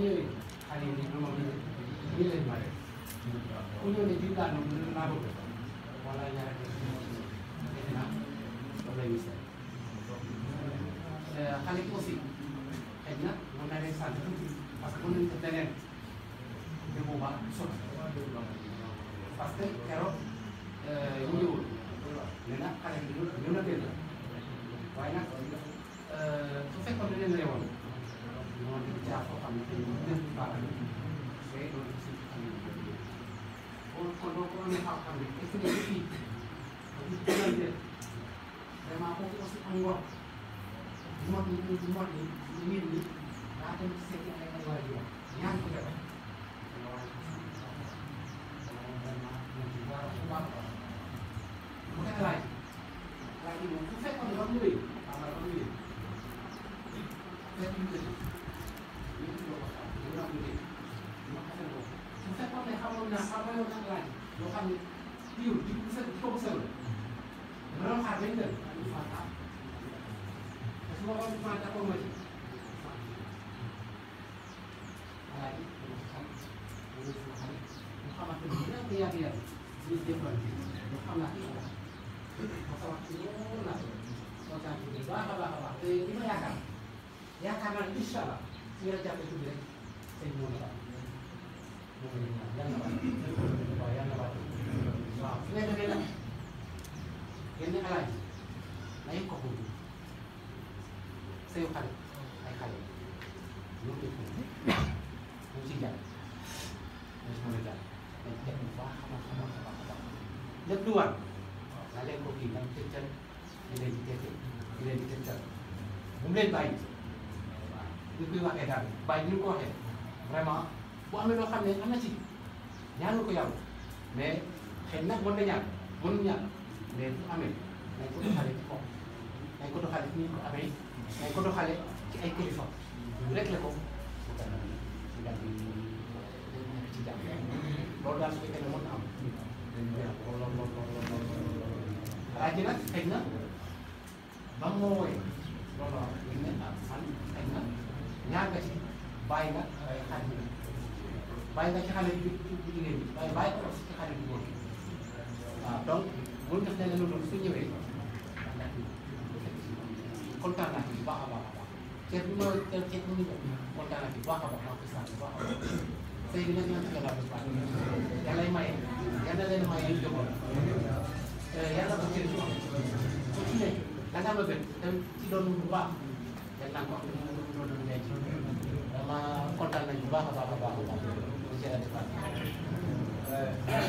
Unionin halinde durmamızı millet var. Unionin cidden bunun Hola ya. のハーフで、別にいい。一般で、で、まあ、ここすあんご。うまくいく、うまくいく、夢に、なってみせてあげるわよ。やんこだから。Right. Lagi mau, saya kalau nggak beli, kalau nggak beli, saya beli. Amin. Semua mata komedi. Lagi, di depan. Muhammad เห็นในอะไรในกลุ่มเซลล์ใครในใครรู้เป็นผมรู้จริงอย่รู้จริงอย่างในเด็กหนุ่บ้าเข้ามา เข้ามาเข้ามาเข้ามาเลือกด่วนแล้วเล่นโปรตีนนั่งเจ็ดเล่นเจ็ดเล่นเจ็ดเจ็ดผมเล่นไปคือคือว่าแกดันไปนี่ก็เห็น v ร a มา e n t ไม่รู้ loo xam ยอ a น na ci ñaanu ko yàlla mais x ë น nag mën na ñ à k บ mën na ñ ย mais bu amee nañ ko xale ci ko doxalee ci ni ñu ko amee nañ ko doxalee ci ay kilifa ñu réglé ko su ko defee daal di nekk ci jàmm loolu daal su fekkee ne na am dañu koy na ba na ñaar nga xale bi bu jigéen บุญกับใจลุ่ลุ่ซึ่งอยู่เองคนกลางหลังถืว่าเอาบอกเจ็บเมื่อเจ็บเจ็บมื่อคนกลางหลังถืว่าเขาบอกเราไปสั่งว่าเซ็นนั่นนั่นคือเราไปสั่งยังไงไม่ยังได้เล่นใหม่ยังอยู่บ่เออยังเราไปเจ็บบ่คนที่ไหนแล้วถ้าเราเป็นที่โดนลู่ว่าอย่างนั้นก็โดนโดนในใหญ่แมาคนกลางหลังถืว่าเขาบอกเราไปสั่งว่าเออ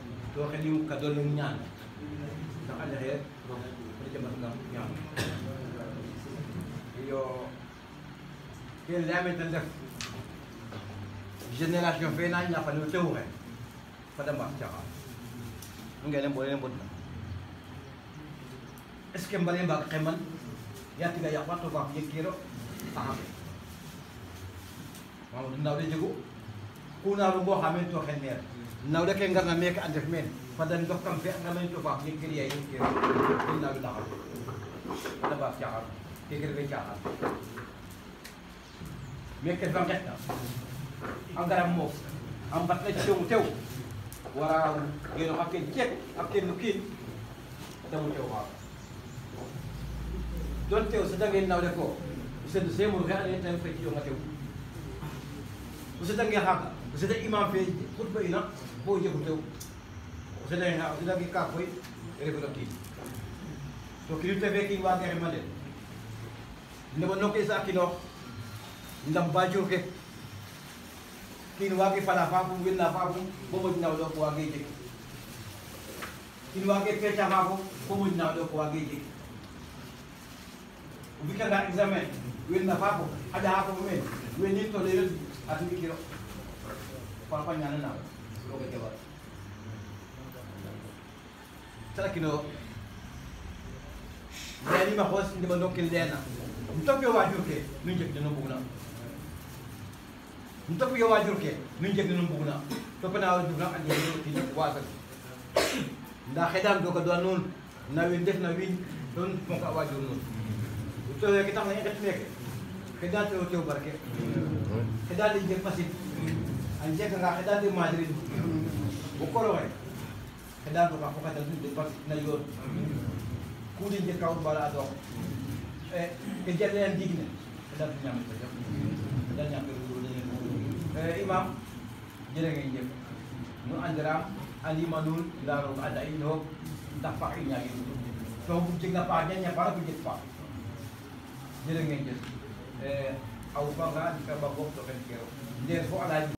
waxee liw ka doon lu ñaan ndax alaxee bari jamat na ñaan iyo ken laame tan def génération fe na ñafa no tew ya tiga yaqwa to faaf kiro taxafe mamadou ndaw de kuna rungo hamen to khenner nawda ke ngarna mek andef men fadan do kam fe ngamen to fa ye kriya ye kriya inna bi ta'al wala ba fi arab ke kre be ta'al mek ke fam getta am dara mo am batna ci mu tew wara geno hakke jek hakke nukin damu tew wa don tew sa da ngeen nawde ko sen semur ga ane tan fe ci yo ngatew usidhange haka usida imam feji khutba ina bo je kutew usida ha usida ki ka koy rekula ki to kirite be ki wa gare male ne bo nokke sa kilo ndam bajo ke kin wa ke fala fa bu winna fa bu bo mo dina do ko wa ge je kin wa ke pecha ma ko bo mo dina do ko wa ge je وفي كذا إكزامان وين نفاقه حدا عارفه مين وين ينتو ليرد أتبي كيلو فالفان يعني نعم لو كتبت تركنه يعني ما خلص عندما نوكل دينا نتوقع واجرك نجيك نبغنا نتوقع واجرك نجيك نبغنا تكنا واجرنا عن يلو تجيك واجر دا خدام دوك دوانون نوين دفنا وين دون فوق واجرنون tuh kita mulai ada tuh kita tuh tuh berke kita di jam masih anjir kerja kita di Madrid ukur loh kita tuh aku kata tuh di pas nayor kudin je kau bala adok eh kerja yang digne kita tuh nyampe kita nyampe dulu eh imam jadi nggak jam nu anjaram alimanul ilarok ada ilhok tak pakai nyagi Kau kucing apa aja nyapa kucing pak jërë ngeen jëf aw ba nga di ka ba bopp do fen keew alaaji